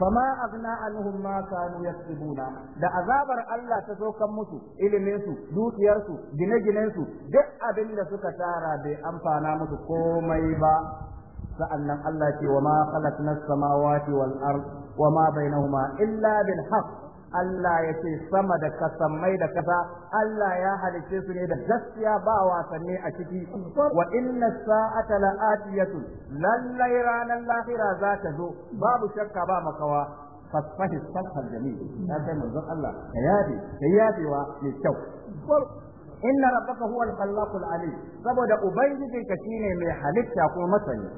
fama aghna anhum ma kanu yaktubuna da azabar Allah ta zo musu ilimin su dukiyar su gine-ginen su duk abin da suka tara bai amfana musu komai ba sa'annan Allah ce wa ma khalaqna as-samawati wal ard wa ma bainahuma illa bil haqq Allah ya ce sama da kasammai da kasa Allah ya halice su ne da gaskiya ba wasanni a ciki wa inna sa'ata la'atiyatu lallai ranar lahira za ta zo babu shakka ba makawa fasfahi fasfal jami ya kai manzon Allah ka yabe ka yabewa mai kyau inna rabbaka huwa al-khallaqul alim saboda ubangijinka shine mai halitta kuma masani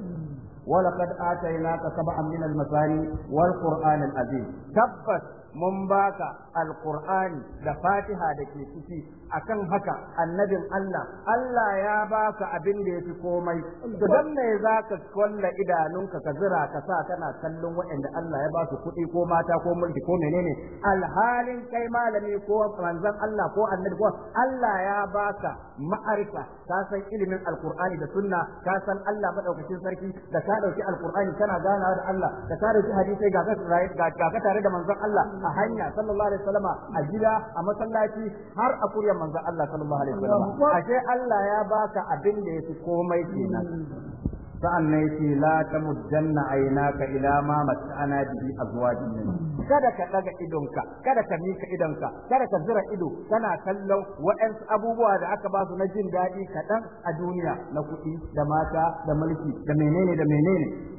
ولقد آتيناك سبعا من المثاني والقرآن العظيم تبت mun baka alqur'ani da fatiha da ke ciki akan haka annabin Allah Allah ya ba ka abin da yafi komai to dan me zaka kwalla idanunka ka zira ka sa kana kallon waɗanda Allah ya ba su kuɗi ko mata ko mulki ko menene alhalin kai malami ko manzon Allah ko annabi ko Allah ya ba ka ma'arifa ka san ilimin alqur'ani da sunna ka san Allah madaukakin sarki da ka dauki alqur'ani kana ganawa da Allah da ka dauki hadisi ga ka tare da manzon Allah a hanya sallallahu alaihi wasallama a gida a masallaci har a kuryan manzon Allah sallallahu alaihi wasallam ashe Allah ya baka abin da yafi komai kenan sa'an nan la ta mujjanna ainaka ila ma mata'ana bihi azwajin kada ka daga idonka kada ka mika idonka kada ka zira ido kana kallon waɗansu abubuwa da aka ba su na jin daɗi kaɗan a duniya na kuɗi da mata da mulki da menene da menene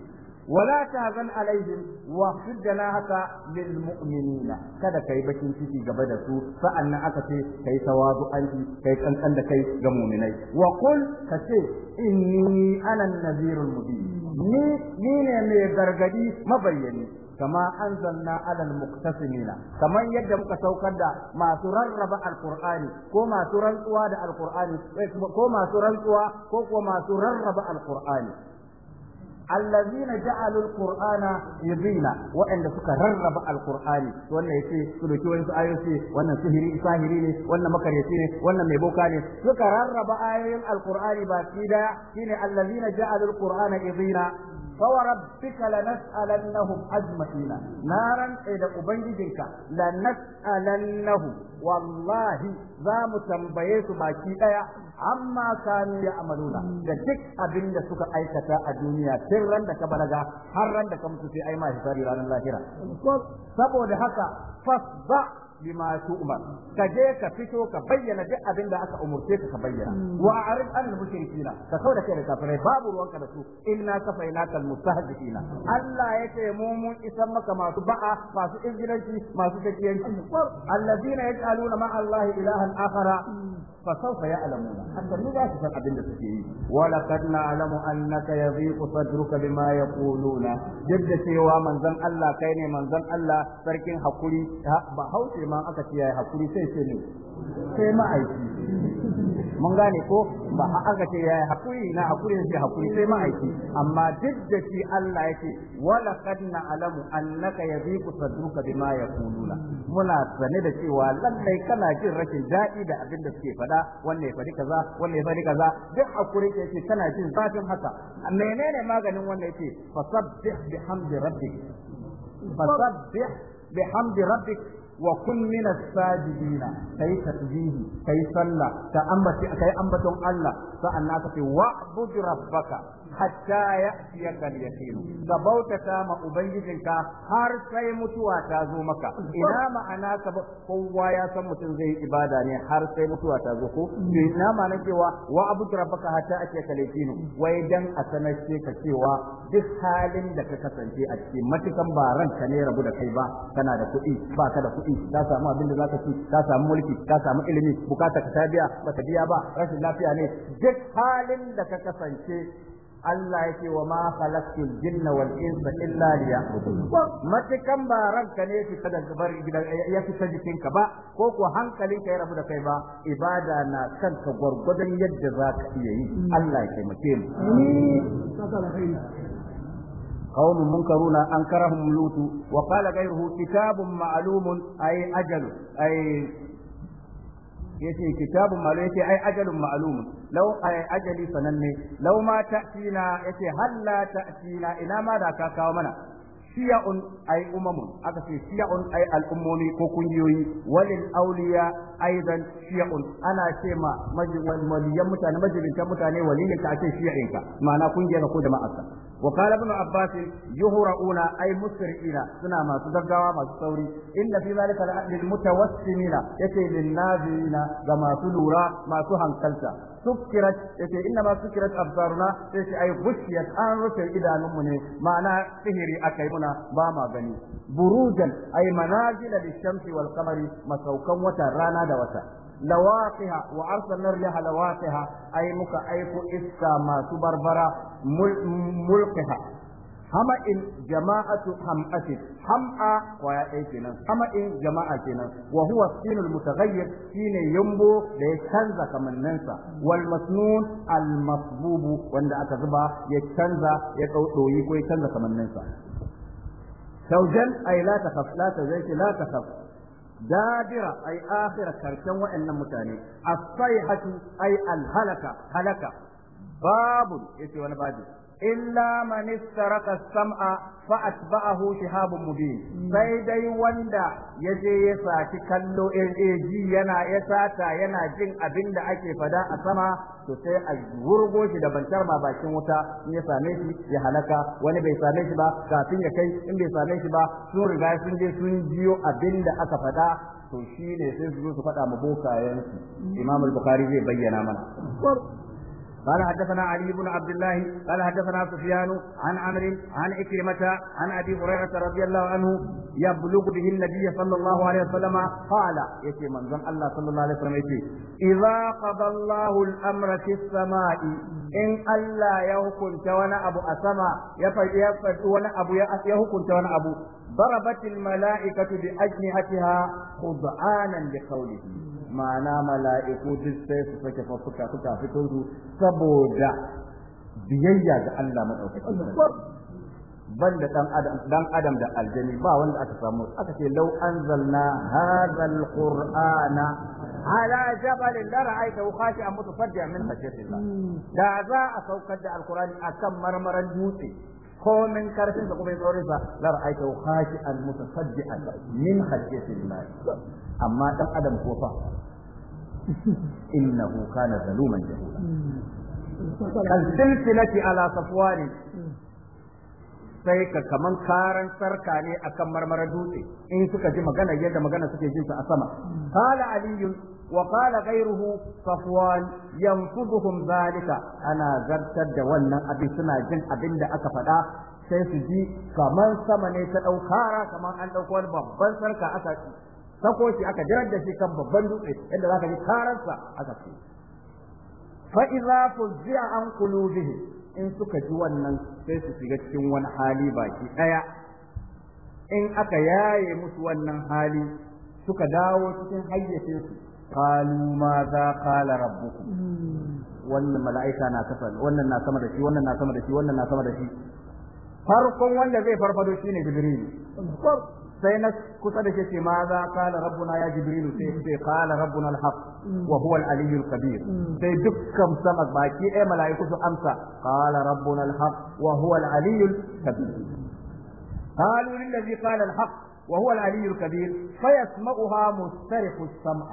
zan ولا تهزن عليهم واخفض جناحك للمؤمنين kada kai bakin ciki gaba da su sa'annan aka ce kai tawazu anki kai kankan da kai ga mu'minai wa qul ka ce inni ana nazirul mubin ni ni ne mai gargadi mabayyani kama anzalna alal muqtasimina kaman yadda muka saukar da masu rarraba alqur'ani ko da alqur'ani ko masu rantsuwa ko ko masu rarraba alqur'ani allazina ja'alu alqur'ana yudina waɗanda suka rarraba alqur'ani wannan yace su doki wani ayoyi wannan sihiri sahiri ne wannan makaryaci ne wannan mai boka ne suka rarraba ayoyin alqur'ani ba shi daya shine allazina ja'alu alqur'ana yudina فوربك لنسألنهم أجمعين نارا إذا أبنجدك لنسألنهم والله za mu tambaye su baki ɗaya. amma kanu ya amaluna da duk abin da suka aikata a duniya tun ran da ka balaga har ran da ka mutu sai ai ma hisabi ranar lahira saboda haka fasba bima ka je ka fito ka bayyana duk abin da aka umurce ka ka bayyana hmm. wa a'rid an mushrikina ka kauda kai da kafirai babu ruwanka da su inna kafainaka almustahzi'ina Allah yace mu mun isan maka masu ba'a masu izgilanci masu takiyanci allazina yaj'aluna ma Allah ilahan akhara فسوف يعلمون حتى لا تفهم أبن تسكيه ولقد نعلم أنك يضيق صدرك بما يقولون جد سوى من ذن الله كين من ذن الله تركين حقولي بحوش ma aka ce yayi hakuri sai ce ne sai ma'aiki mun gane ko ba aka ce yayi hakuri na hakuri sai hakuri sai ma'aiki amma duk da shi Allah yake wala kadna alamu annaka yadhiku sadruka bima yaquluna muna sane da cewa lallai kana jin rashin daɗi da abin da suke faɗa wanne ya faɗi kaza wanne ya faɗi kaza duk hakuri yake kana jin zafin haka menene maganin wannan yake fasabbih bihamdi rabbik fasabbih bihamdi rabbik wa kun min as-sajidina kai tasbihi kai sallah ka ambaci kai ambaton Allah na ka ce wa'bud rabbaka hatta ya'tiyaka al-yaqin ka bautata ma ubangijinka har sai mutuwa ta zo maka ina ma'ana ka kowa ya san mutum zai yi ibada ne har sai mutuwa ta zo ko ina ma'ana cewa wa abu rabbaka hatta ake al-yaqin wai dan a sanar ka cewa duk halin da ka kasance a cikin matukan ba ranka ne rabu da kai ba kana da kuɗi ba ka da kuɗi ka samu abin da zaka ci ka samu mulki ka samu ilimi bukata ka ta biya ba ta biya ba rashin lafiya ne duk halin da ka kasance Allah yake wa ma khalaqtul jinna wal insa illa liya'budun matakan ba ranka ne fita da gabar ya fita jikinka ba ko ko hankalinka ya rabu da kai ba ibada na kanka gwargwadon yadda za ka iya yi Allah ya taimake mu قوم منكرون أنكرهم لوط وقال غيره كتاب معلوم أي أجل أي yace kitabun malu yace ai ajalun ma'lum law ai ajali sananne law ma ta'tina yace halla ta'tina ina ma da ka kawo mana shiya'un ay umamun aka ce shiya'un ay al'ummomi ko kungiyoyi walil awliya aidan shiya'un ana ce ma majaliyan mutane majalisan mutane waliyan ka ce shiya'in ka ma'ana kungiyar ko jama'a wa qala ibn abbas yuhra'una ay musri'ina suna masu gaggawa masu sauri inna fi zalika lil mutawassimina yake lin nazina ga masu lura masu hankalta sukirat yake ce inna ma sukirat absaruna sai ce ai gushiyat an rufe idanunmu ne ma'ana sihiri akai muna ba ma gani burujan ai manazila bi shamsi wal qamari masaukan wata rana da wata lawaqiha wa arsalna riyaha lawaqiha ai muka aiko iska masu barbara mulqiha hama'in jama'atu ham'atin ham'a kwaya ɗaya kenan in jama'a kenan wa huwa sinul mutaghayyir shine yambo da ya canza kamanninsa wal masnun al masbubu wanda aka zuba ya canza ya ɗauɗoyi ko ya canza kamanninsa saujan ay la takhaf la saujan la takhaf دابرة أي آخر كرشن وإن متاني الصيحة أي الهلكة هلكة باب يتي wani بادي illa man istaraka sam'a fa atba'ahu shihabun mubin sai dai wanda ya je ya saki kallo AAG yana ya sata yana jin abin da ake fada a sama to sai a wurgo shi da bantar ma bakin wuta in ya same shi ya halaka wani bai same shi ba kafin ya kai in bai same shi ba sun riga sun je sun jiyo abin da aka fada to shi ne sai su zo su faɗa ma bokayensu imamul bukhari zai bayyana mana قال حدثنا علي بن عبد الله قال حدثنا سفيان عن عمرو عن عكرمة عن أبي هريرة رضي الله عنه يبلغ به النبي صلى الله عليه وسلم قال يتي من زم الله صلى الله عليه وسلم يتي إذا قضى الله الأمر في السماء إن الله يهكن وانا أبو أسما يفد وانا أبو يهكن وانا أبو ضربت الملائكة بأجنحتها خضعانا لقوله ma'ana mala'iku duk sai su sake fafuka fuka fitun su saboda biyayya ga Allah madaukakin ban da dan adam dan adam da aljani ba wanda aka samu aka ce law anzalna hadha alqur'ana ala jabal la ra'aytahu khashi'an mutasaddian min khashyatillah da za a saukar da alqur'ani akan marmaran dutse ko min karfin da kuma tsorin sa la ra'aytahu khashi'an mutasaddian min khashyatillah amma dan adam ko fa innahu kana zaluman jahula kan silsilati ala safwani sai ka kaman karan sarka ne akan marmara dutse in suka ji magana yadda magana suke jin su a sama qala ali wa qala ghayruhu safwan yanfuduhum zalika ana zartar da wannan abin suna jin abin da aka faɗa sai su ji kaman sama ne ta ɗaukara kaman an ɗauko wani babban sarka aka sako shi aka jirar da shi kan babban dutse yadda za ka ji kararsa aka ce fa idza fuzzi'a an qulubihim in suka ji wannan sai su shiga cikin wani hali baki daya in aka yaye musu wannan hali suka dawo cikin hayyacinsu qalu ma za qala rabbukum wannan mala'ika na kafa wannan na sama da shi wannan na sama da shi wannan na sama da shi farkon wanda zai farfado shine jibril sai na kusa da shi ce ma za kala rabbuna ya jibrilu sai ya ce kala rabbuna alhaq wa huwa aliyyul kabir sai dukkan sama baki ɗaya mala'iku su amsa kala rabbuna alhaq wa huwa aliyyul kabir قالوا للذي قال الحق وهو العلي الكبير فيسمعها مسترخ السمع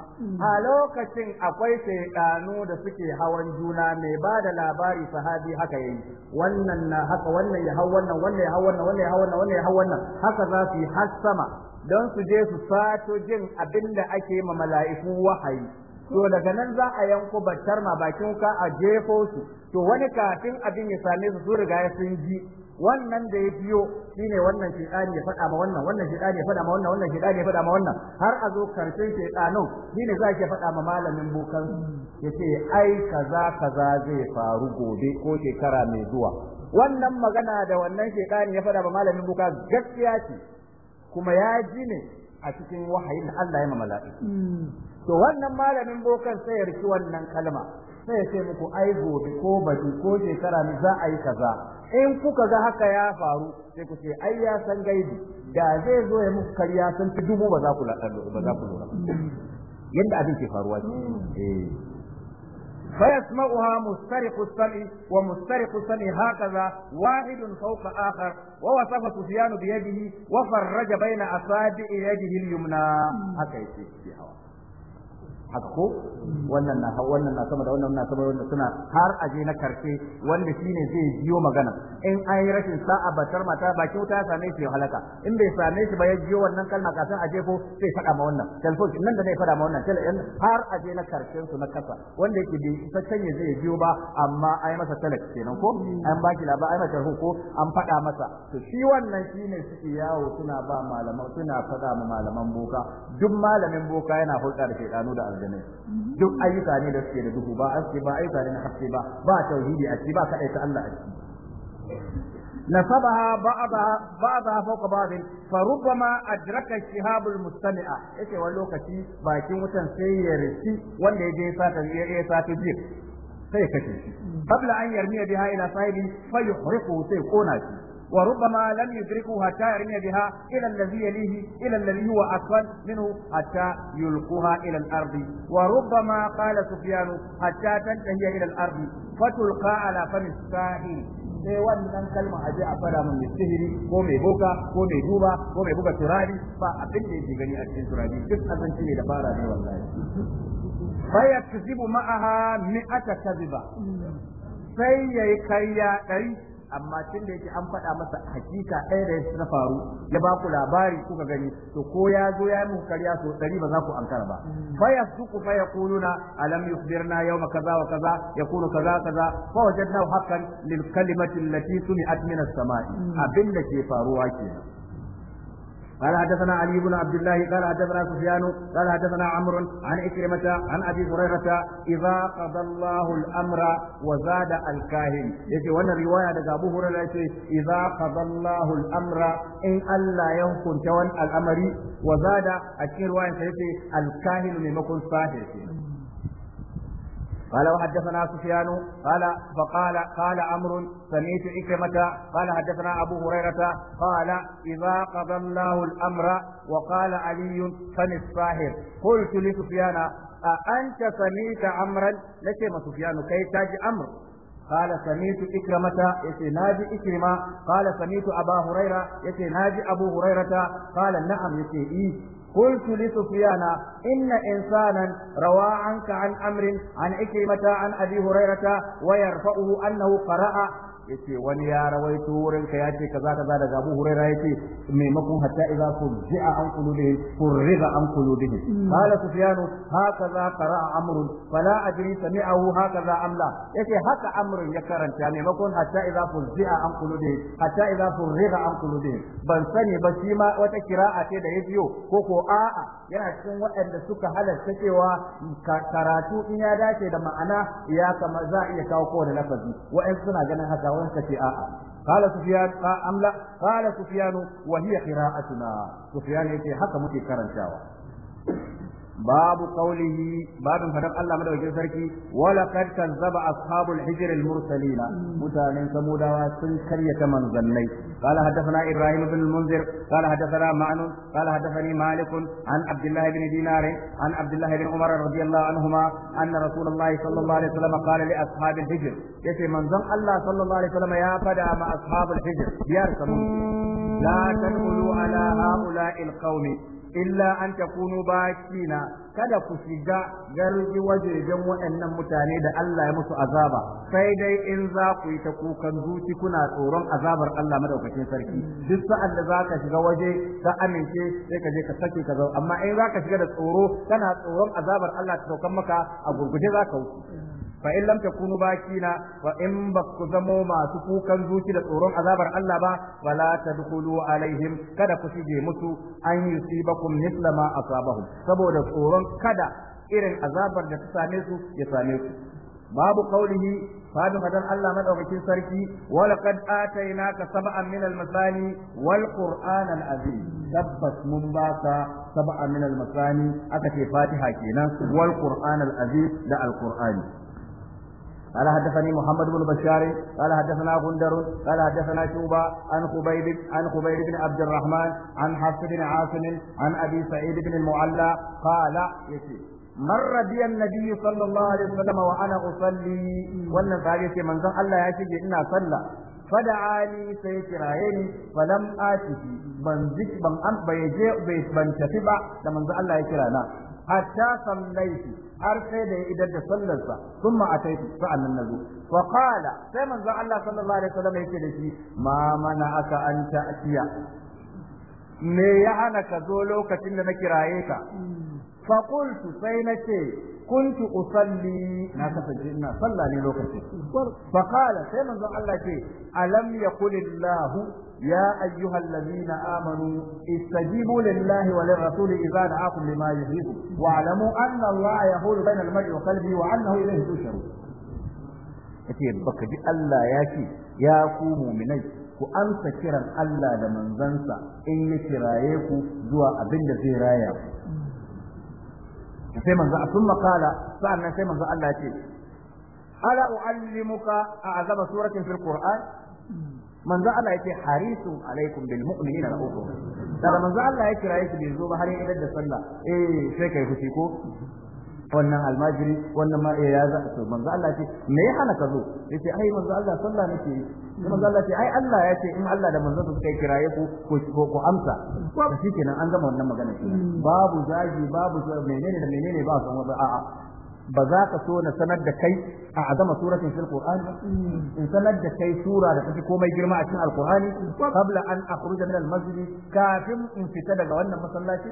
a lokacin akwai shaidanu da suke hawan juna mai ba da labari sahabi haka yayi wannan na haka wannan ya hau wannan wannan ya hau wannan wannan ya hau wannan wannan ya hau wannan haka za su yi har sama don su je su sato jin abin da ake ma mala'iku wahayi to daga nan za a yanko battar ma bakin ka a jefo su to wani kafin abin ya same su su riga sun ji wannan da ya biyo shine wannan shedani ya faɗa ma wannan wannan shedani ya faɗa ma wannan wannan shedani ya faɗa ma wannan har a zo karshen shedanun shine za ke faɗa ma malamin bokan yace ai kaza kaza zai faru gobe ko shekara mai zuwa wannan magana da wannan shedani ya faɗa ma malamin boka gaskiya ce kuma ya ji ne a cikin wahayin Allah ya ma mala'iku hmm. to wannan malamin bokan sai ya riki wannan kalma sai ya ce muku ai gobe ko baɗi ko shekara ne za a yi kaza in kuka ga haka ya faru sai ku ce ai ya san gaibi da zai zo ya muku karya sun fi dubu ba za ku ba za ku lura yadda abin ke faruwa ce فيسمعها مسترق السمع ومسترق السمع هكذا واحد فوق آخر ووصف سفيان بيده وفرج بين أصابع يده اليمنى هكذا في hawa. Hakko, ko wannan na wannan na sama da wannan na sama wannan suna har aje na karshe wanda shine zai jiyo magana in an yi rashin sa'a batar mata baki wuta ya same shi ya halaka in bai same shi ba ya jiyo wannan kalma kafin aje ko sai faɗa ma wannan telefon nan da zai faɗa ma wannan telefon har aje na karfe su na kasa wanda yake bai isa can ya zai jiyo ba amma ai masa talak kenan ko an baki labar ai masa ko an faɗa masa to shi wannan shine suke yawo suna ba malaman suna faɗa ma malaman boka duk malamin boka yana hulɗa da shaidanu da aljanai duk ayyuka ne da suke da duhu ba aske ba ayyuka ne na haske ba ba tauhidi a ciki ba kadai ta Allah a ciki نصبها بعضها fawqa فوق fa rubbama ادرك shihabul mustami'a yace wani lokaci bakin wutan sai ya rishi wanda ya je sata ya je sata jib sai kace shi Babla an yarmiya biha ila sahibi fa yuhriqu sai kona shi وربما لم يدركه حتى يرمي بها إلى الذي يليه إلى الذي هو أسفل منه حتى يلقها إلى الأرض وربما قال سفيان حتى تنتهي إلى الأرض فتلقى على فم الساحل sai wannan kalma a je a fara mun sihiri ko mai boka ko mai duba ko mai buga turari ba abin da yake gani a cikin turabi. duk azanci ne da fara ne wallahi baya tuzibu ma'aha mi'ata kaziba sai yayi kayya ɗari amma tun da yake an faɗa masa hakika ɗaya da ya faru ya ba ku labari kuka gani to ko ya zo ya yi muku karya so ɗari ba za ku ankara ba mm. su ku fa yaquluna alam yusbirna yawma kaza wa kaza yakunu kaza kaza fa wajadnahu haqqan lil kalimati lati sumi'at min as-sama'i mm. abinda ke faruwa kenan قال حدثنا علي بن عبد الله قال حدثنا سفيان قال حدثنا عمرو عن عكرمة عن أبي هريرة إذا قضى الله الأمر وزاد الكاهن يجي وانا رواية لك أبو هريرة إذا قضى الله الأمر إن ألا يهكم توان الأمر وزاد أكين رواية الكاهن من مكن صاحب قال وحدثنا سفيان قال فقال قال عمرو سمعت عكرمة قال حدثنا أبو هريرة قال إذا قضى الله الأمر وقال علي فالساهر قلت لسفيان أأنت سمعت عمرا لك سفيان كي تاج أمر قال سميت إكرمة يتي ناجي إكرمة قال سميت أبا هريرة يتي ناجي أبو هريرة قال نعم يتي إيه قلت لسفيان إن إنسانا روى عنك عن أمر عن عكرمة عن أبي هريرة ويرفعه أنه قرأ yace wani ya rawaito wurin ka yace kaza kaza daga Abu Hurairah yace maimakon hatta idza furji'a an qulubihim furriga an qulubihim mm. qala Sufyan hakaza qara'a Amr fala adri sami'ahu hakaza am la yace haka Amr ya karanta maimakon hatta idza furji'a an qulubihim hatta idza furriga an qulubihim ban sani ba shi ma wata kira'a ce da ya biyo ko ko a'a yana cikin waɗanda suka halarta cewa karatu in ya dace da ma'ana ya kama za a iya kawo kowane lafazi wa'in suna ganin haka ذاك a'a. قال سفيان أم لا قال سفيان وهي قراءتنا سفيان يتي حتى مكي كرن شاوة babu qawlihi babin fadar Allah madaukakin sarki wala kad kazzaba ashabul hijr al mursalina mutanen samudawa sun karyata manzannai قال حدثنا ابراهيم بن المنذر قال حدثنا معن قال حدثني مالك عن عبد الله بن دينار عن عبد الله بن عمر رضي الله عنهما ان رسول الله صلى الله عليه وسلم قال لاصحاب الحجر يتي من ظن الله صلى الله عليه وسلم يا فدا مع اصحاب الحجر يا لا تدخلوا على هؤلاء القوم illa an takunu bakina kada ku shiga waje wajejen waɗannan mutane da Allah ya musu azaba sai dai in za ku yi ta kukan zuci kuna tsoron azabar Allah madaukakin sarki duk sa'ad da ka shiga waje ka amince sai ka je ka sake ka amma in zaka shiga da tsoro kana tsoron azabar Allah ta saukan maka a gurguje zaka wuce fa in lam takunu bakina wa in bakku zamo masu kukan zuci da tsoron azabar Allah ba wala tadkhulu alaihim kada ku shige musu an yusibakum misla ma asabahum saboda tsoron kada irin azabar da ta same su ya same su. babu qaulihi fadu hadar Allah madaukakin sarki wa laqad atainaka sab'an min al wal qur'an al tabbas mun baka sab'an min al aka ce fatiha kenan wal qur'an da al قال حدثني محمد بن بشار قال حدثنا غندر قال حدثنا شوبة عن خبيب عن خبيب بن عبد الرحمن عن حفص بن عاصم عن أبي سعيد بن المعلى قال يسير مر بي النبي صلى الله عليه وسلم وانا اصلي wannan sahabi ce manzon Allah ya shige ina salla fada'ani sai kiraye ni falam atihi ban zik ban an bai je bai ban tafi ba da manzon Allah ya kira na hatta sallaiti har sai da ya idar da sallarsa thumma ataitu sa'annan nazo fa qala sai manzon Allah sallallahu alaihi wasallam yake da shi ma mana aka an ta'tiya me ya hana ka zo lokacin da na kiraye ka fa qultu sai na ce kuntu usalli na kasance ina sallah ne lokaci fa qala sai manzon Allah ce alam yaqulillahu ya ayyuhal ladina amanu istajibu lillahi wa lirrasuli idza da'akum lima yuhibbu wa alamu anna Allah wa qalbi wa annahu ilayhi tushurun yace baka ji Allah ya ce ya ku mu'minai ku amsa kiran Allah da manzansa in ya kiraye ku zuwa abin da zai raya sai manzo a sun makala sa'annan sai manzo Allah ce ala uallimuka a azaba suratin fil qur'an manzo Allah yace harisun alaikum bil mu'minina ra'ufun daga manzo Allah ya kira yake bai zo ba har ya idar da sallah eh sai kai fushi ko wannan almajiri wannan ma eh, ya za to manzo Allah ce me ya hana ka zo yace ai manzo Allah sallah nake yi manzo Allah ce ai Allah ya ce in Allah da manzo suka kai kiraye ku ko ko amsa to shikenan an gama wannan magana hmm. babu zagi, babu menene da menene ba san wani a'a ba za ka so na sanar da kai a azama suratin fil qur'ani hmm. in sanar da kai sura da take komai girma a cikin alqur'ani hmm. qabla an akhruja min al kafin in fita daga wannan masallaci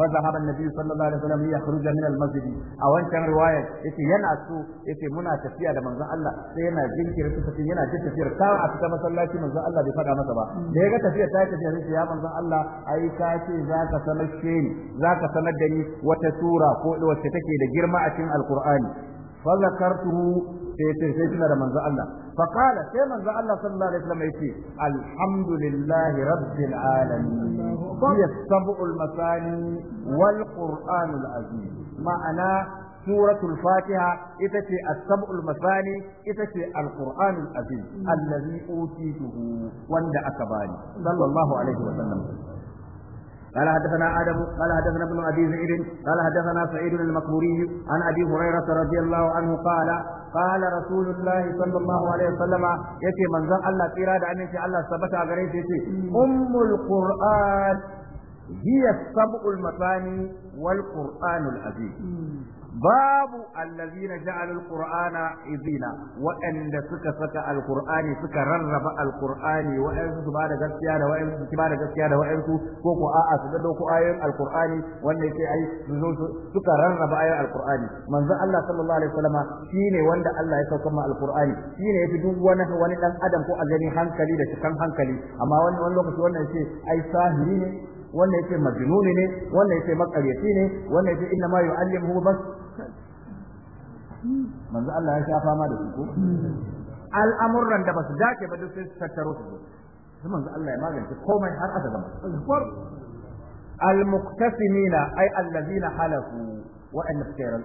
فذهب النبي صلى الله عليه وسلم ليخرج من المسجد او ان كان روايه yace yana so yace muna tafiya da manzon Allah sai yana jinkiri su tafi yana jin tafiyar ka a fita masallaci manzon Allah bai faɗa masa ba da ya ga tafiyar ta tafiya sai ya manzon Allah ai ka ce zaka sanar ni zaka sanar da ni wata sura ko wacce take da girma a cikin alqur'ani fa zakartuhu sai sai sai tuna da manzon Allah fa sai Allah sallallahu alaihi alhamdulillahi rabbil هي السبع المثاني والقرآن العزيز معنى سورة الفاتحة إتتي السبع المثاني إتتي القرآن العزيز الذي أوتيته وند أكباني صلى الله عليه وسلم قال حدثنا آدم قال حدثنا ابن أبي زيد قال حدثنا سعيد المقبوري عن أبي هريرة رضي الله عنه قال قال رسول الله صلى الله عليه وسلم يتي من ذا الله تيراد أن يتي الله ثبت أغريت يتي أم القرآن هي السبع المثاني والقرآن العزيز babu allazina ja'ala alqur'ana izina waɗanda suka saka alqur'ani suka rarraba alqur'ani waɗansu su bada gaskiya da waɗansu su bada gaskiya da waɗansu ko ko a'a su ga dauko ayoyin alqur'ani wanda yake ai suka rarraba ayoyin alqur'ani manzo Allah sallallahu alaihi wasallama shine wanda Allah ya sauka ma alqur'ani shine yafi duk wani wani dan adam ko a gani hankali da cikan hankali amma wani wani lokaci wannan ce ai sahiri ne wannan yace majnuni ne wannan yace makaryaci ne wannan yace inna ma yu'allimuhu bas manzo Allah ya shafa ma da su ko al'amuran da basu dace ba duk sai su tattaro su sai manzo Allah ya magance komai har aka gama al-muqtasimina ay allazina halafu wa an nafsiran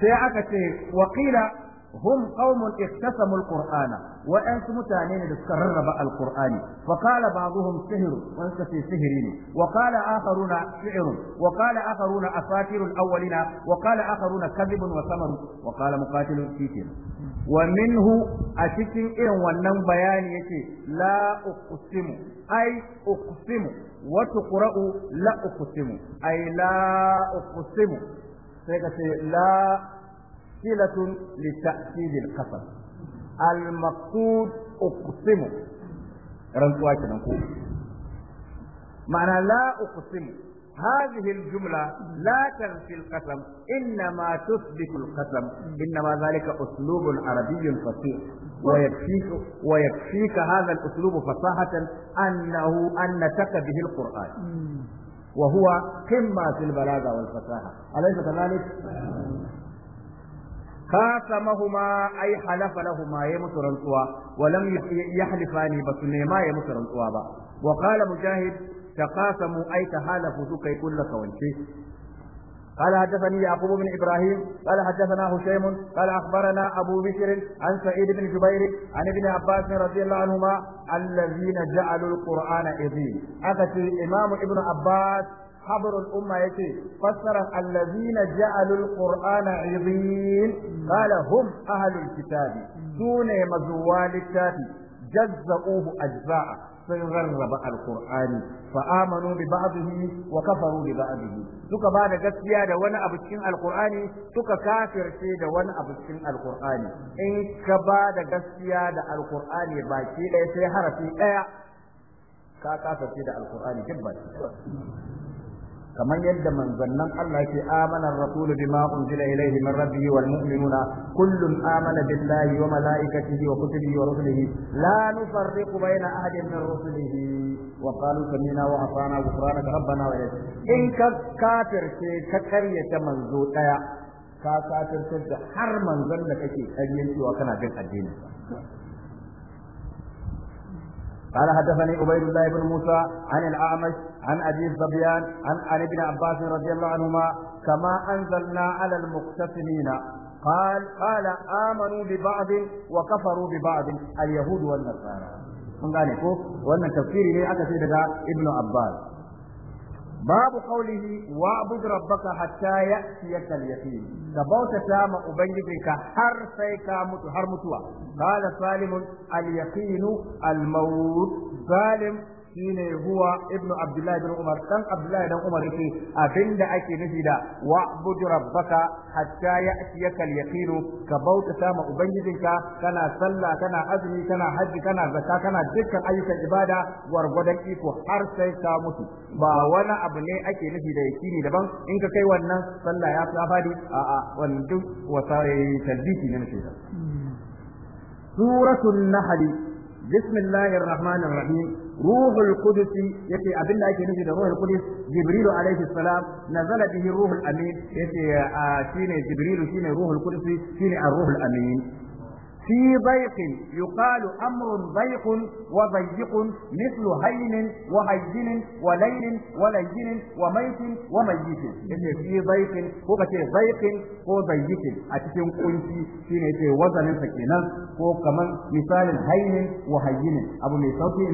sai aka ce waƙila hum qaumun al alqur'ana waɗansu mutane ne da suka rarraba alqur'ani fa qala ba'dhum sihr wa suka ce sihiri ne wa qala akharuna shi'r wa qala akharuna asatirul awwalina wa qala akharuna kadhibun wa samar wa qala muqatilun fitin wa minhu a cikin irin wannan bayani yake la uqsimu ai uqsimu wa tuqra'u la uqsimu ai la uqsimu sai ka ce la silatun li ta'kidil qasam المقصود أقسم رنتوا كنقول معنى لا أقسم هذه الجملة لا تنفي القسم إنما تثبت القسم إنما ذلك أسلوب عربي فصيح ويكفيك, ويكفيك هذا الأسلوب فصاحة أنه أن نتك به القرآن وهو قمة في البلاغة والفصاحة أليس كذلك؟ kasamahuma ai halafa lahuma ya musu rantsuwa halifa yahlifani basu nema ya musu rantsuwa ba wa qala mujahid taqasamu ai tahalafu suka yi kullaka wance قال حدثني يعقوب بن ابراهيم قال حدثنا هشيم قال اخبرنا ابو بشر عن سعيد بن جبير عن ابن عباس رضي الله عنهما الذين جعلوا القران اذين اكثر امام ابن عباس خبر الأمة يتي فسر الذين جعلوا القرآن عظيم قال هم أهل الكتاب دون مزوال الكتاب جزؤوه أجزاء سيغرب القرآن فآمنوا ببعضه وكفروا ببعضه suka ba da gaskiya da wani abu cikin alkur'ani suka kafirce da wani abu cikin alkur'ani in ka ba da gaskiya da alkur'ani baki ɗaya sai harafi ɗaya ka da alkur'ani duk kamar yadda manzannan Allah ke amana ar-rasul bima unzila ilayhi min rabbihi wal mu'minuna kullun amana billahi wa malaikatihi wa kutubihi wa rusulihi la nufarriqu baina ahadin min rusulihi wa qalu sami'na wa ata'na ghufranaka rabbana wa ilayka in ka ke ka ta manzo daya ka kafir da har manzon da kake karyancewa kana bin addini قال حدثني عبيد الله بن موسى عن الأعمش عن أبي الظبيان عن عن ابن عباس رضي الله عنهما كما أنزلنا على المقتسمين قال قال آمنوا ببعض وكفروا ببعض اليهود والنصارى من قال wannan tafsiri ne aka ce daga Ibn Abbas babu qawlihi wa abud rabbaka hatta ya'tiyaka al-yaqin ka bautata ma ubangijinka har sai ka mutu har mutuwa qala salim al-yaqin al-maut shine huwa ibnu abdullahi bin umar dan abdullahi dan umar yake abinda ake nufi da wa'bud rabbaka hatta ya'tiyaka al-yaqin ka bauta sama ubangijinka kana sallah kana azumi kana hajji kana zakka kana dukkan ayyukan ibada gwargwadon iko har sai ka mutu ba wani abu ne ake nufi da yaqini daban in ka kai wannan sallah ya fadi a wannan duk wata eh, tasbiki ne mutum suratul nahl bismillahir rahmanir rahim ruhul qudus yace abin da ake nufi da ruhul qudus jibril alaihi salam nazala bihi ruhul amin yace ah, shine jibril shine ruhul kudusi shine a ruhul amin في ضيق يقال أمر ضيق وضيق مثل هين وهين وليل ولين وميت وميت إن في ضيق هو كتير ضيق هو ضيق أتكلم كنتي في نتي وزن سكينة هو كمان مثال هين وهين أبو ميسوتي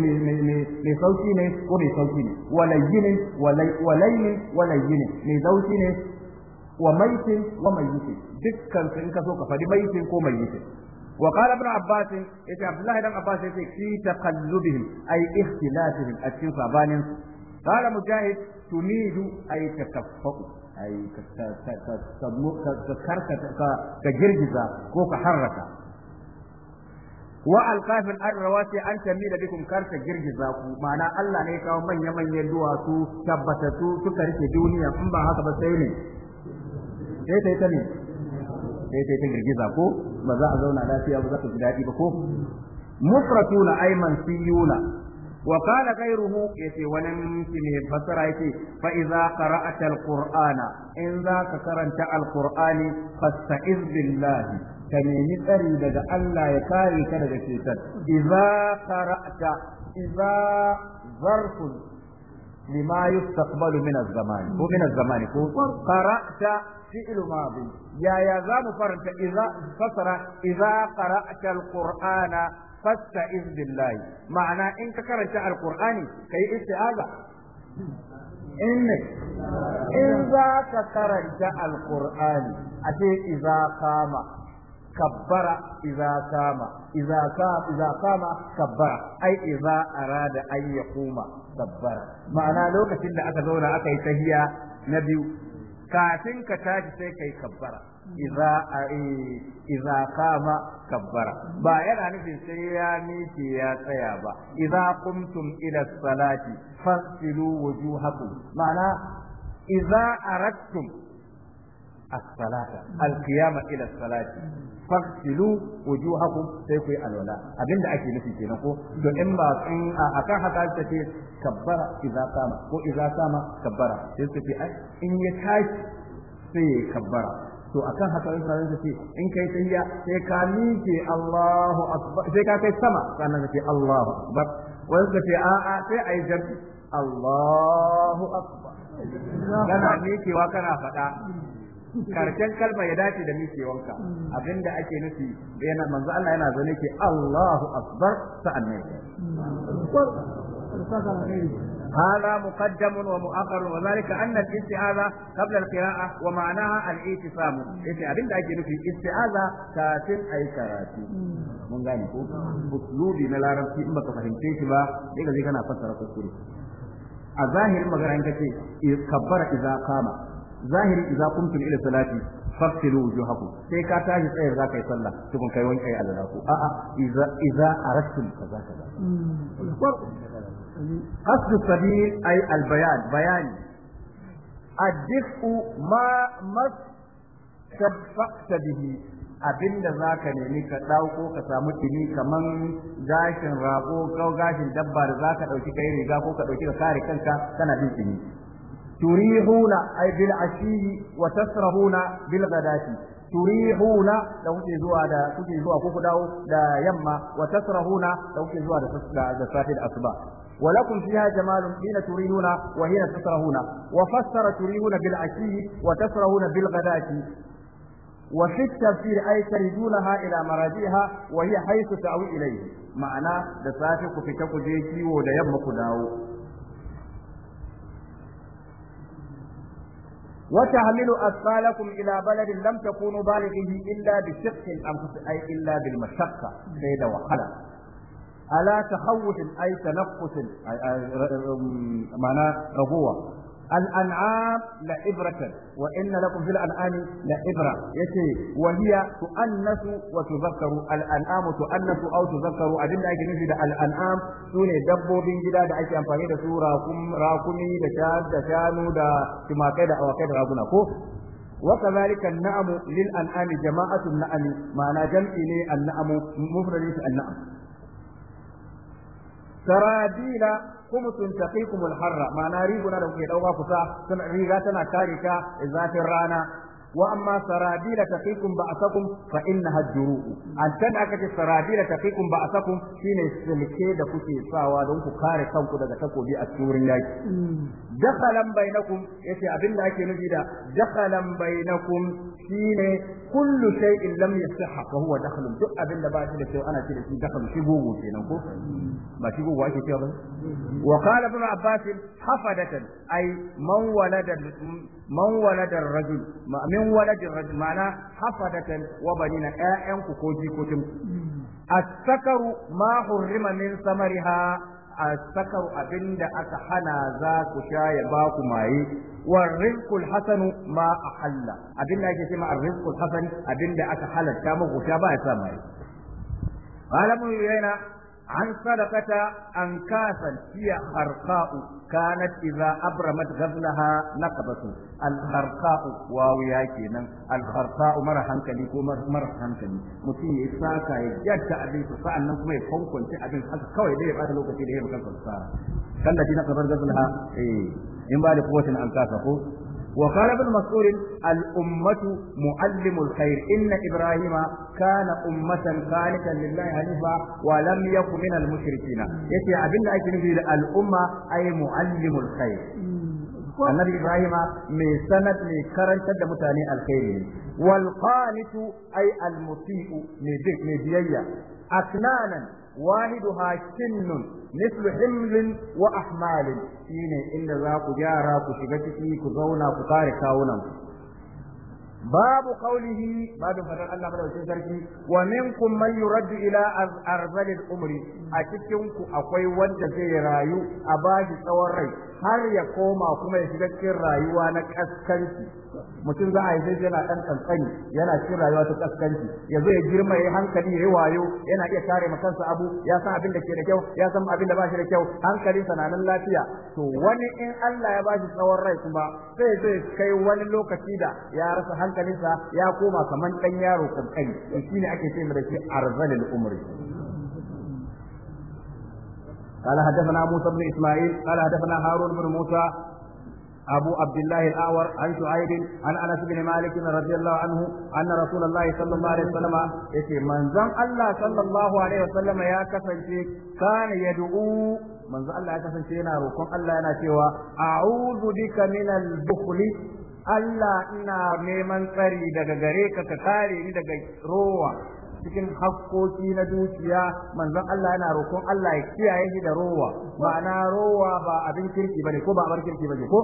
ميسوتي نه وميسوتي نه وليل ولين ولين وميت وميت دكا maitin wa maitin dukkan sun وقال ابن عباس إذا عبد الله بن عباس في تقلبهم أي اختلافهم أتين صابان قال مجاهد تميد أي تكفأ أي كجرجزة كوك حركة وألقى الرواسي أن تميد بكم كارت جرجزة معنى الله نيكا ومن يمن يدوى سو تبتتو تكرت دنيا أما هكذا سيني إيه تيتني إيه تيتني جرجزة كوك ba za a zauna lafiya ba za ka ji daɗi ba ko mufratuna ai mansiyuna wa qala ghayruhu yace wani minti ne basara yace fa idza qara'ta alqur'ana in za ka karanta alqur'ani fasta'iz billahi ka nemi tsari daga Allah ya kare ka daga cutar idza qara'ta idza zarfun lima yustaqbalu min az-zaman ko min az-zaman ko qara'ta fi'lu madi ya faranta qurana fasta'iz billahi ma'ana in ka karanta al-qur'ani kai isti'aza in za ka al-qur'ani kabbara idza kama idza ka idza kabbara ai idza arada an yaquma kabbara ma'ana lokacin da aka zauna aka yi tahiya na biyu kafin ka tashi sai kai kabbara idza eh, idza kama kabbara ba yana nufin sai ya miƙe ya tsaya ba iza qumtum ila salati fasilu wujuhakum ma'ana iza aradtum as-salata al-qiyama ila as-salati fagsilu sai ku alwala abinda ake nufi kenan ko to in ba in akan haka ta ce kabbara idza kama ko in ya tashi sai to akan haka in sai ce in kai ya, sai ka miƙe Allahu akbar sai ka kai sama sannan ka ce Allahu akbar wai suka ce a'a sai ayi jabi Allahu akbar kana miƙewa kana faɗa karshen kalma ya dace da miki wanka abinda ake nufi yana manzo Allah yana zo nake Allahu akbar ta annabi hada muqaddam wa mu'akhar wa zalika anna al-isti'aza qabla al-qira'a wa ma'naha al-ihtisam yace abinda ake nufi isti'aza ta tin ay karatu mun gani ko kullubi na larabci in baka fahimce shi ba dai ga zai kana fassara kullubi a zahirin magana yake ce kabbara iza qama zahiri idza qumtum ila salati fafsilu wujuhakum sai ka tashi tsayar za ka yi sallah to kun kai wanke alwala ko a'a idza idza arastum kaza kaza qasdu sabil ay al bayan bayani addifu ma mas tabaqta bihi abinda za ka nemi ka dauko ka samu tuni kaman gashin rago ko gashin dabba da za ka ɗauki kai riga ko ka ɗauki ka kare kanka kana bin tuni turihuna ay bil wa tasrahuna bil ghadati turihuna da kuke da kuke zuwa ko ku dawo da yamma wa tasrahuna da kuke zuwa da da safi da asuba wa lakum fiha jamalun hina turihuna wa hina tasrahuna wa fassara turihuna bil ashi wa tasrahuna bil ghadati wa fi tafsir ay taridunaha maradiha wa ma'ana da safe ku fita kuje kiwo da yamma ku dawo وتحمل أثقالكم إلى بلد لم تكونوا بالغه إلا بشق الأنفس أي إلا بالمشقة زيد وخلا ألا تخوف أي تنقص معنى ربوة الأنعام لعبرة وإن لكم في الأنعام لعبرة يتي وهي تؤنث وتذكر الأنعام تؤنث أو تذكر أجل أيك نفي الأنعام سوني دبو بين جدا دا أيك أنفاني دا سو راكم راكمي دا شاد دا شانو دا تماكي دا أواكي دا راكونا كو وكذلك النعم للأنعام جماعة النعم معنى جمع النعم مفرد النعم sarabila kuma sun taqikum harra ma'ana riguna da kuke dauka kusa riga tana kare ka zafin rana واما سرابيل تقيكم باسكم فانها الدروء ان تدعك سرابيل تقيكم باسكم shine سلكي da kuke sawa don ku kare kanku daga takobi a turin yaki dakhalan bainakum yace abin da ake nufi da dakhalan bainakum shine kullu shay'in lam yasihha fa huwa dakhlun duk abin da shi ana ce shi dakhal shi gogo kenan ba shi ake cewa ba wa qala abbas hafadatan man man wala rajul ma min wala rajul mana hafadatan wa banina ayyan ku ko jikotin as-sakaru ma hurrima min samariha as-sakaru abinda aka hana za ku sha ya ba ku mai wa rizqul hasanu ma ahalla abinda yake cewa ar-rizqul hasan abinda aka halatta mu ku sha ba ya sa mai yana عن صدقة أن كاسا هي خرقاء كانت إذا أبرمت غزلها نقبة الخرقاء واويا كينا الخرقاء مرحن كلي مرحن كلي متي إساكا يجد أبي تساء أنكم يفوقون في أبي الحق كوي دي بعد لوكا تيدي مكان تساء كان التي نقبت غزلها إيه إن بعد قوة أن كاسا وقال ابن مسعود الأمة معلم الخير إن إبراهيم كان أمة خالقا لله حنيفا ولم يكن من المشركين يتي أبن أي في الأمة أي معلم الخير النبي إبراهيم من سنة من كرن شد متاني الخير والقانت أي المطيء من بيئة أكنانا Wahidu kinnun mislu himlin wa ahmalin shine inda za ku gyara ku shiga ciki ku zauna ku kare kawunan babu qaulihi babu fadar Allah madaukakin sarki wa minkum man yuraddu ila arzalil umri a cikinku akwai wanda zai rayu a bashi tsawon rai har ya koma kuma ya shiga cikin rayuwa na kaskanci mutum za a yi zai yana ɗan tsantsani yana cikin rayuwa ta kaskanci ya zo ya girma ya hankali ya yi wayo yana iya kare kansa abu ya san abin da ke da kyau ya san abin da ba shi da kyau hankalin sa nan lafiya to wani in Allah ya bashi tsawon rai kuma sai zai kai wani lokaci da ya rasa hankalinsa ya koma kaman ɗan yaro kankani ne ake ce da shi arzalil umri قال حدثنا موسى بن اسماعيل قال حدثنا هارون بن موسى أبو عبد الله الأعور عن شعيب عن أنس بن مالك رضي الله عنه أن رسول الله صلى الله عليه وسلم يتي من زم الله صلى الله عليه وسلم يا كفن كان يدعو من زم الله يا كفن شينا روكم الله أنا شوى أعوذ بك من البخل Allah ina neman tsari daga gare ka ka kare ni daga rowa cikin hakkoki na dukiya manzon Allah yana roƙon Allah ya kiyaye shi da rowa ma'ana rowa ba abin kirki bane ko ba abar kirki bane ko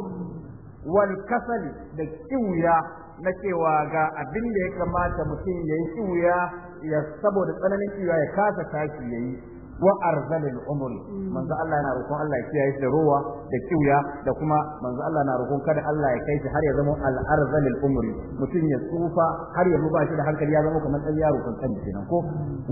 wal kasali da kiwuya na cewa ga abin da ya kamata mutum ya yi kiwuya ya saboda tsananin kiwuya ya kasa tashi yayi wa arzalil umri manzo Allah yana roƙon Allah ya kiyaye da ruwa da kiuya da kuma manzo Allah na roƙon kada Allah ya kai shi har ya zama al arzalil umri mutum ya tsufa har ya ba shi da hankali ya zama kamar ɗan yaro kan kanki kenan ko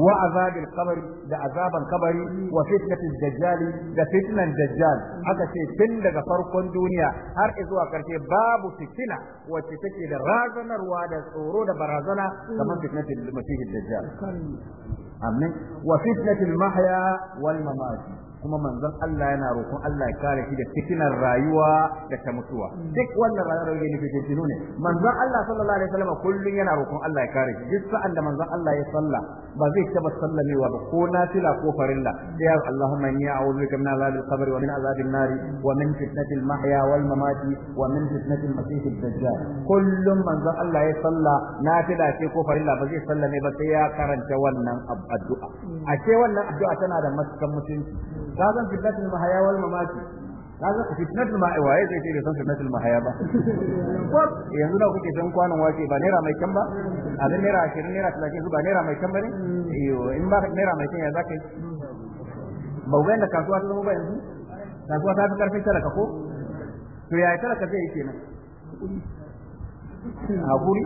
wa azabil kabari da azaban kabari wa fitnatil dajjal da fitnan dajjal aka ce tun daga farkon duniya har zuwa karshe babu fitina wacce take da razanarwa da tsoro da barazana kamar fitnatil masihid dajjal amin wa fitnatil mahya والممات kuma manzon Allah yana roƙon Allah ya kare shi da fitinar rayuwa da ta mutuwa duk wannan rayuwar ne fitinu ne manzon Allah sallallahu alaihi wasallam kullun yana roƙon Allah ya kare shi duk sa'an da manzon Allah ya salla ba zai taba sallamewa ba ko nafila ko farilla sai ya Allahumma inni a'udhu bika min azabil qabr wa min azabil nar wa min fitnatil mahya wal mamati wa min fitnatil masih ad-dajjal Kullum manzon Allah ya salla nafila ce ko farilla ba zai sallame ba sai ya karanta wannan addu'a A ce wannan addu'a tana da matukan mutunci kaga fitnatul mahaya wal mamati kaga fitnatul mahaya waye zai ce da san fitnatul mahaya ba yanzu da kuke san kwanan wace ba naira mai kan ba abin naira 20 naira 30 ba naira mai kan ba ne in ba naira mai kan ya zaka ba wai da kasuwa ta zama ba yanzu kasuwa ta fi karfin talaka ko to yaya talaka zai yi kenan hakuri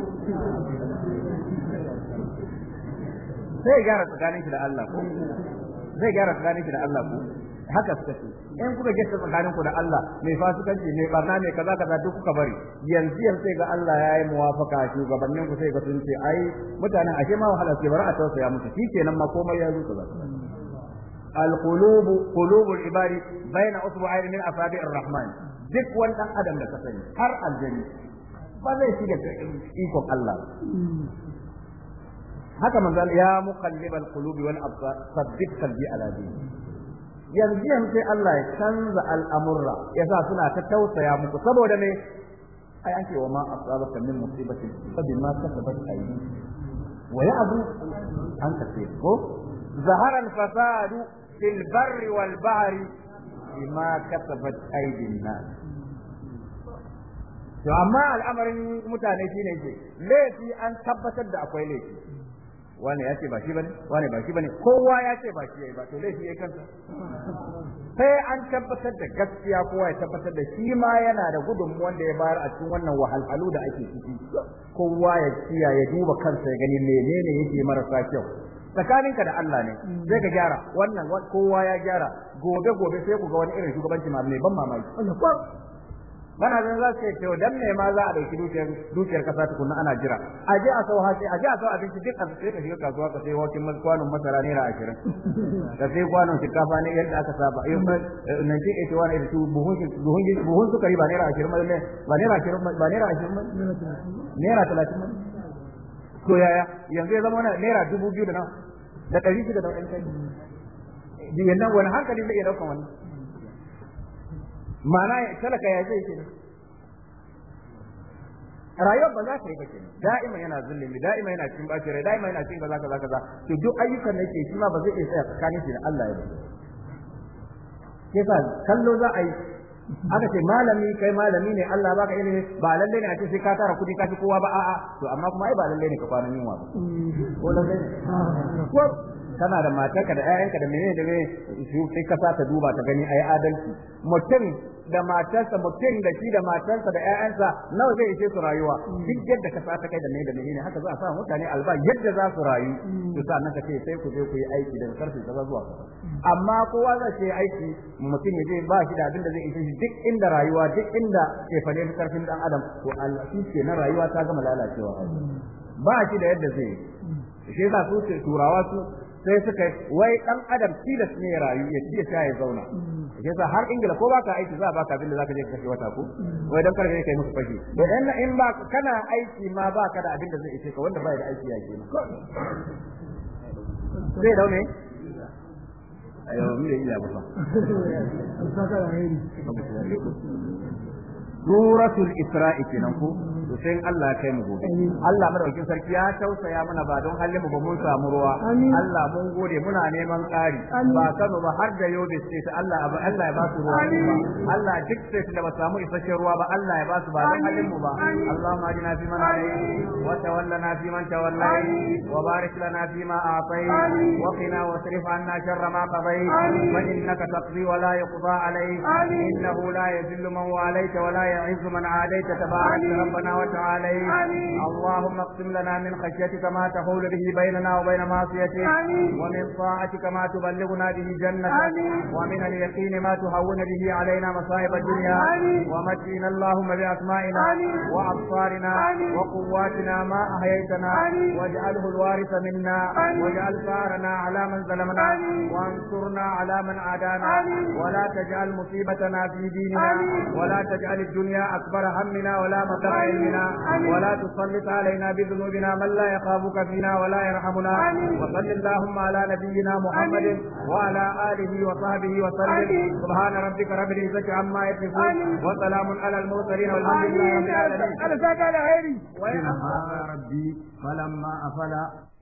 sai ya gyara tsakanin shi da Allah ko zai gyara tsakanin ki da Allah ku haka suka ce in kuka gesta tsakanin ku da Allah mai fasikanci mai barna mai kaza kaza duk kuka bari yanzu yanzu sai ga Allah yayi muwafaka shugabannin ku sai ga sun ce ai mutanen ashe ma wahala ke bari a tausaya musu shikenan ma komai ya zo kaza القلوب قلوب العباد بين اصبعين من اصابع الرحمن duk wani dan adam da ka sani har aljani ba zai shiga ikon Allah haka manzo ya muqallibal qulubi wal absar sabbit qalbi ala dini yanzu yanzu sai Allah ya canza al'amurra ya sa suna ta tausaya muku saboda me ai an ce wa ma asabaka min musibatin fa bima kasabat aydi wa ya'bu an kasir ko zahara al-fasadu fil barri wal bahri bima kasabat aydin nas to amma al'amarin mutane shine ke laifi an tabbatar da akwai laifi wane ya ce ba shi bane wane ba shi bane kowa ya ce ba shi yayi ba to laifi yayi kansa sai an tabbatar da gaskiya kowa ya tabbatar da shi ma yana da gudun wanda ya bayar a cikin wannan wahalhalu da ake ciki kowa ya ya duba kansa ya gani menene yake marasa kyau tsakaninka da Allah ne sai ka gyara wannan kowa ya gyara gobe gobe sai ku ga wani irin shugabanci ma mai ban mamaki mana zan za su ce to dan me ma za a dauki dukiyar dukiyar kasa tukunna ana jira a je a sau hace a je a sau abinci duk a sai ka shiga kasuwa ka sai wakin kwanon masara naira ashirin ka sai kwanon shinkafa ne yadda aka saba yau nan ce ita wani da su buhun buhun sukari ba naira ashirin ba ne naira ashirin ba naira ashirin ba naira talatin ba to yaya yanzu ya zama naira dubu biyu da nawa da ɗari shida da wani kai eh, yanzu wani hankali zai iya ɗaukan wani ma'ana ya talaka ya zai kenan rayuwar ba za ta yi ba kenan da'ima yana zulumi da'ima yana cin bashi rai da'ima yana cin kaza kaza kaza to duk ayyukan da yake shi ma ba zai iya tsaya tsakanin shi da Allah ya ba yasa kallo za a yi aka ce malami kai malami ne Allah baka ilimi ba lalle ne a ce sai ka tara kudi ka fi kowa ba a'a to amma kuma ai ba lalle ne ka kwana yunwa ba mm. ko lalle ne ah. kana da matarka da ƴaƴanka da menene da menene sai ka sa ta duba ta gani ai adalci mutum da matarsa mutum da shi da matarsa da ƴaƴansa nawa zai ishe su rayuwa duk yadda ka sa ta kai da menene da menene haka za a sa mutane alba yadda za su rayu to sa ka ce sai ku je ku yi aiki daga karfe kaza zuwa amma kowa zai ce aiki mutum ya je ba shi da abin da zai ishe shi duk inda rayuwa duk inda ke fane karfin dan adam to Allah shi na rayuwa ta gama lalacewa ba shi da yadda zai shi yasa su turawa su sai suka wai dan adam tilas ne ya rayu ya ci ya ya zauna mm. yasa har ingila ko baka aiki za baka abin da zaka je ka kashe wata ko mm. wai dan karfe kai musu fashi dan in ba kana aiki ma baka da abin da zai ishe ka wanda bai da aiki ya ke zai daune ayo mu da ila ba suratul isra'i kenan ko su sai Allah ya kai mu gobe Allah madaukakin sarki ya tausaya mana ba don halin mu ba mun samu ruwa Allah mun gode muna neman ƙari ba Kano ba har da Yobe Allah Allah ya ba su ruwa Allah duk da ba samu isasshen ruwa ba Allah ya ba su ba don halin mu ba Allahumma ajina fi man wa tawallana fi man tawallai wa barik lana fi ma a'tai wa qina anna sharra ma wa innaka taqdi wa la yuqda innahu la yadhillu man wa la yu'izzu man rabbana wa وقدرت عليه اللهم اقسم لنا من خشيتك ما تحول به بيننا وبين معصيتك ومن طاعتك ما تبلغنا به جنتك ومن اليقين ما تهون به علينا مصائب الدنيا ومتعنا اللهم بأسمائنا وأبصارنا وقواتنا ما أحييتنا واجعله الوارث منا واجعل ثارنا على من ظلمنا وانصرنا على من عادانا ولا تجعل مصيبتنا في ديننا ولا تجعل الدنيا أكبر همنا ولا مبلغ علمنا علينا ولا تسلط علينا بذنوبنا من لا يخافك فينا ولا يرحمنا وصل اللهم على نبينا محمد وعلى آله وصحبه وسلم سبحان ربك رب العزة عما يصفون وسلام على المرسلين والحمد لله رب العالمين. أنا ربي فلما أفل